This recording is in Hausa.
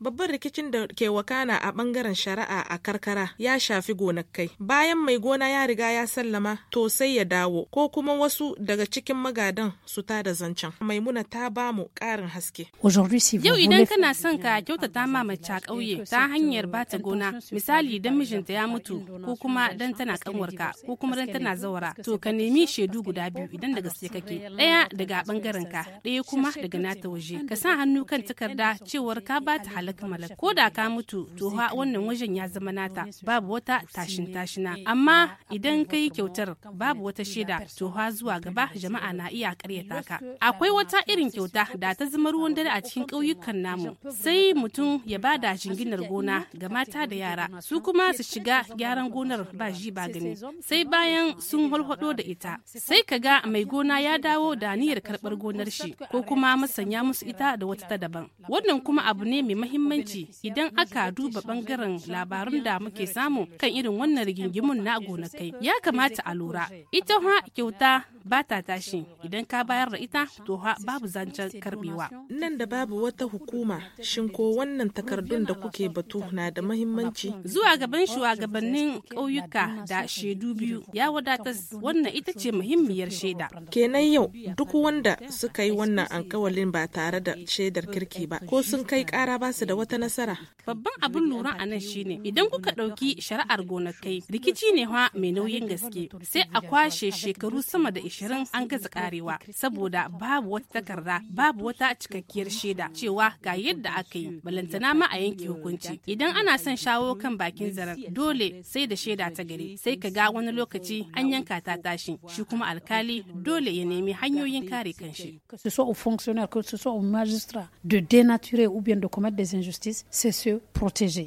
Babban rikicin da ke wakana a bangaren shari'a a karkara ya shafi gonakai. Bayan mai gona ya riga ya sallama to sai ya dawo ko kuma wasu daga cikin magadan su ta da zancen. Maimuna ta ba mu karin haske. Yau idan kana son ka kyautata ma mace a ƙauye ta hanyar bata gona misali dan mijinta ya mutu ko kuma dan tana kanwarka ko kuma dan tana zawara to ka nemi shaidu guda biyu idan da gaske kake. Ɗaya daga bangaren ka ɗaya kuma daga nata waje ka sa hannu kan takarda cewar ka bata halal malak malak ko da ka mutu to ha wannan wajen ya zama nata babu wata tashin tashina amma idan ka yi kyautar babu wata shaida to ha zuwa gaba jama'a na iya karyata ka akwai wata irin kyauta da ta zama ruwan dare a cikin ƙauyukan namu sai mutum ya ba da jinginar gona ga mata da yara su kuma su shiga gyaran gonar ba ji ba gani sai bayan sun holhodo da ita sai ka ga mai gona ya dawo da niyyar karɓar gonar shi ko kuma masanya musu ita da wata ta daban wannan kuma abu ne mai mahimmanci idan aka duba bangaren labarun da muke samu kan irin wannan rigingimun na gonakai. Ya kamata a lura, ita ha kyauta ba ta tashi idan ka bayar da ita to ha babu zancen karbewa. Nan da babu wata hukuma shin ko wannan takardun da kuke batu na da mahimmanci. Zuwa gaban shugabannin ƙauyuka da shaidu biyu ya wadatar wannan ita ce muhimmiyar shaida. Kenan yau duk wanda suka yi wannan alkawalin ba tare da shaidar kirki ba ko sun kai kara ba su da wata nasara. Babban abin lura a nan shine idan kuka ɗauki shari'ar gonakai rikici ne fa mai nauyin gaske sai a kwashe shekaru sama da ishirin an gaza karewa saboda babu wata takarda babu wata cikakkiyar shaida cewa ga yadda aka yi balantana ma a yanke hukunci idan ana son shawo kan bakin zarar dole sai da shaida ta gari sai ka ga wani lokaci an yanka ta tashi shi kuma alkali dole ya nemi hanyoyin kare kanshi. ce soit au fonctionnaire, que ce soit au magistrat de dénaturer ou bien de commettre des injustice, c'est se protéger.